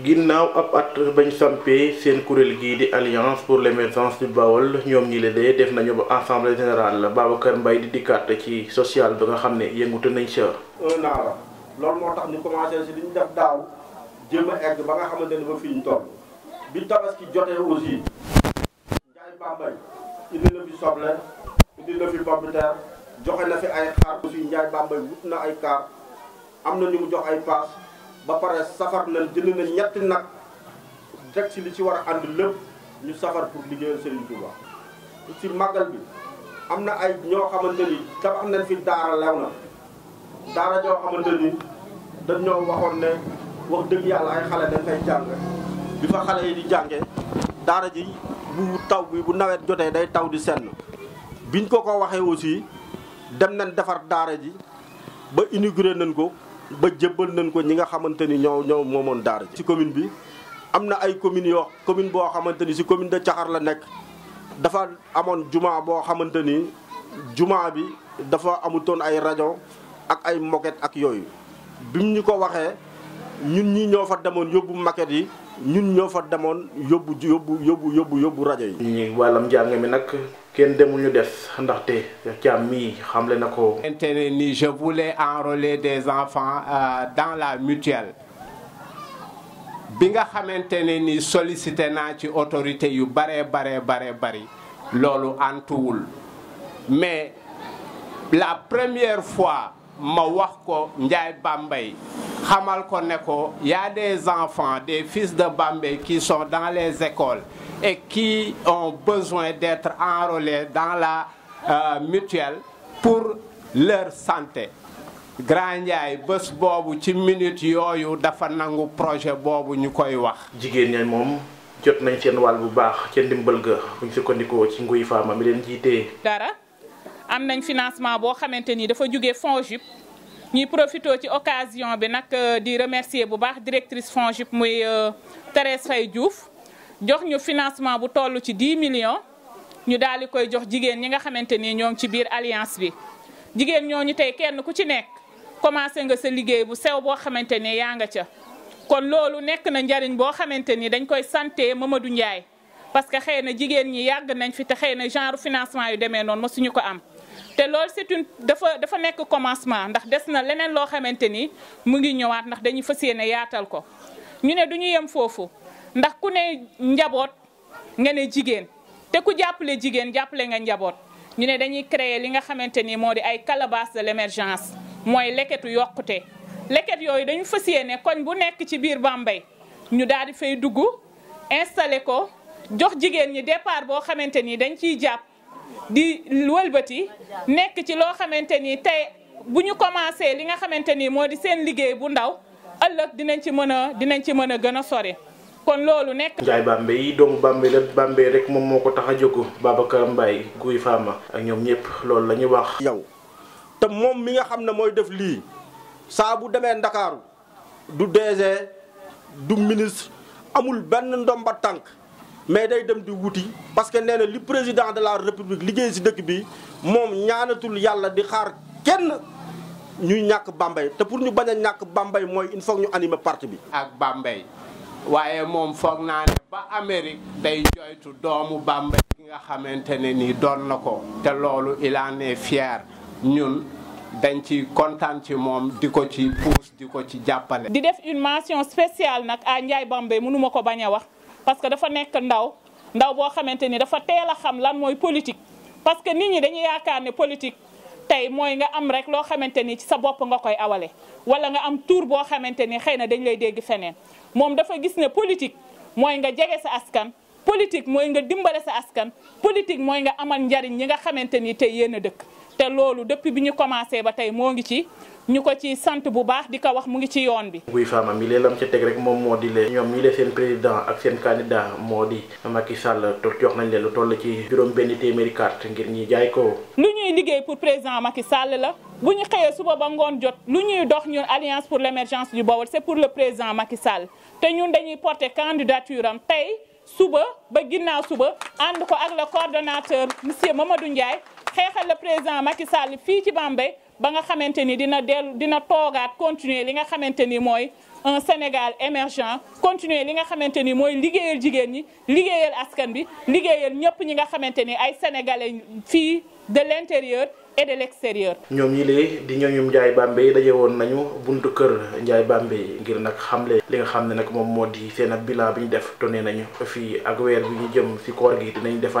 ginnaaw ab at bañ sampee seen kuréel gii di alliance pour l'émergence du Baol ñoom ñi la dee def nañu ba assemblée générale la Babacar Mbaye di dikkaat ci social bi nga xam ne yëngutu nañ ca. un an la moo tax ñu commencé si li ñu def daaw jéem a egg ba nga xamante ne fi fii ñu toll bi tabaski jotee aussi Ndiaye Bambey indi na fi soble indi na fi pompiteur joxe na fi ay xaar aussi Ndiaye Bambey wut na ay kaar am na ñu mu jox ay paas. ba pare safar nañ jënd na ñetti nag teg ci li ci war a ànd lépp ñu safar pour liggéeyal Serigne Touba. ci màggal bi am na ay ñoo xamante ni tabax nañ fi daara lew na daara ñoo xamante ni dañ ñoo waxoon ne wax dëgg yàlla ay xale dañ fay bi fa xale yi di jànge daara ji bu taw bi bu nawet jotee day taw di senn biñ ko ko waxee aussi dem nañ defar daara ji ba inauguré nañ ko. ba jébbal nañ ko ñi nga xamante ni ñoo ñoo moomoon daara ci commune bi am na ay communes yoo commune boo xamante ni commune de Caxar la nekk dafa amoon jumaa boo xamante ni jumaa bi dafa amutoon ay rajo ak ay moquette ak yooyu bim ñu ko waxee ñun ñi ñoo fa demoon yóbbu maquette yi. ñun ñoo fa demoon yóbbu yóbbu yóbbu yóbbu yóbbu rajo yi. ñi wàllam njàng mi nag kenn demul ñu des ndaxte Thiam mii xamle na ko. intérêt ni je voulais enrôler des enfants euh, dans la mutuelle bi nga xamante ne ni solicité naa ci autorité yu baree baree baree bari loolu antuwul mais la première fois ma wax ko Ndiaye Bambay. xamal ko ne ko y a des enfants des fils de Bambey qui son dans les écoles et qui ont besoin d'être enrôlés dans la euh, mutuelle pour leur santé Grand Ndiaye bés boobu ci minute yooyu dafa nangu projet boobu ñu koy wax. jigéen ña moom jot nañ seen wàll bu baax ca ndimbal ga bu ñu sukkandikoo ci nguy faama mi leen jiite dara am nañ financement boo xamante ni dafa jóge FONGIP. ñuy profité ci occasion bi nag euh, di remercier bu baax directrice FONGIP muy euh, Thérèse Faye Diouf jox ñu financement bu toll ci 10 million ñu daal di koy jox jigéen ñi nga xamante ni ñoo ngi ci biir alliance bi jigéen ñooñu tey kenn ku ci nekk commencé nga sa liggéey bu sew boo xamante ni yaa nga ca kon loolu nekk na njariñ boo xamante ni dañ koy santé Mamadou Ndiaye parce que xëy na jigéen ñi yàgg nañ fi te xëy na genre financement yu demee noonu ma suñu ko am te loolu c'est dafa dafa nekk commencement ndax des na leneen loo xamante ni mu ngi ñëwaat ndax dañuy fas yéene yaatal ko ñu ne du yem foofu ndax ku ne njaboot nga ne jigéen te ku jàppale jigéen jàppale nga njaboot ñu ne dañuy créer li nga xamante ni moo di ay calebasse de mooy leketu yokkute leket yooyu dañu fas yéene koñ bu nekk ci biir Bambey ñu daal di fay dugg installé ko jox jigéen ñi départ boo xamante ni dañ ciy jàpp di wëlbati nekk ci loo xamante ni tey bu ñu commencé li nga xamante ni moo di seen liggéey bu ndaw ëllëg dinañ ci mën a dinañ ci mën a gën a sori kon loolu nekk. Ndiaye Bambey yi doomu Bambey la Bambey rek moom moo ko tax a jóg Babacar Mbaye Guy Fama ak ñoom ñëpp loolu la ñu wax. yow te moom mi nga xam ne mooy def lii saa bu demee Ndakaaru du DG du ministre amul benn ndomba tànk. mais day dem di wuti parce que nee na li président de la république liggéey si dëkk bi moom ñaanatul yàlla di xaar kenn ñuy ñàkk Bambey te pour ñu bañ a ñàkk bambay mooy il foog ñu animer parti bi. ak bambay waaye moom foog naa ne ba Amérique day joytu doomu Bambey ki nga xamante ne nii doon na ko te loolu il en est fier ñun. dañ ci kontaan ci moom di ko ci pousse di ko ci jàppale. di def une mention spéciale nag à Ndiaye bambay mënuma ko bañ a wax. parce que dafa nekk ndaw ndaw boo xamante ni dafa teel a xam lan mooy politique. parce que nit ñi dañuy yaakaar ne politique tey mooy nga am rek loo xamante ni ci sa bopp nga koy awale wala nga am tour boo xamante ni xëy na dañ lay dégg feneen moom dafa gis ne politique mooy nga jege sa askan. politique mooy nga dimbale sa askan politique mooy nga amal njariñ ñi nga xamante ni tey yéen a dëkk. te loolu depuis bi ñu commencé ba tey moo ngi ci ñu ko ci sant bu baax di ko wax mu ngi ci yoon bi. buy faama mi leen lam ca teg rek moom moo di leen. ñoom ñi leen seen président ak seen candidat moo di Macky Sall jox nañ leen lu toll ci juróom benni téeméeri carte ngir ñi jaay ko. lu ñuy liggéey pour président Macky Sall la bu ñu xëyee suba ba ngoon jot lu ñuy dox ñu alliance pour l' émergence du Baol c' pour le président Macky Sall te ñun dañuy porter candidature am tey suba ba ginnaaw suba ànd ko ak le coordonnateur monsieur Mamadou Ndiaye. xeexal le président Macky Sall fii ci bàmbe ba nga xamante ni dina dellu dina toogaat continuer li nga xamante ni mooy un Sénégal émergent continuer li nga xamante ni mooy liggéeyal jigéen ñi liggéeyal askan bi liggéeyal ñëpp ñi nga xamante ni ay sénégalais fii de l'intérieur et de l'extérieur. ñoom ñi lee di ñooñum Ndiaye Bambey daje woon nañu buntu kër Ndiaye Bambey ngir nag xam xamle li nga xam ne nag moom moo di seen ab bilan bi ñu def tonné nañu fii ak weer bi ñu jëm ci koor gi dinañ defaat.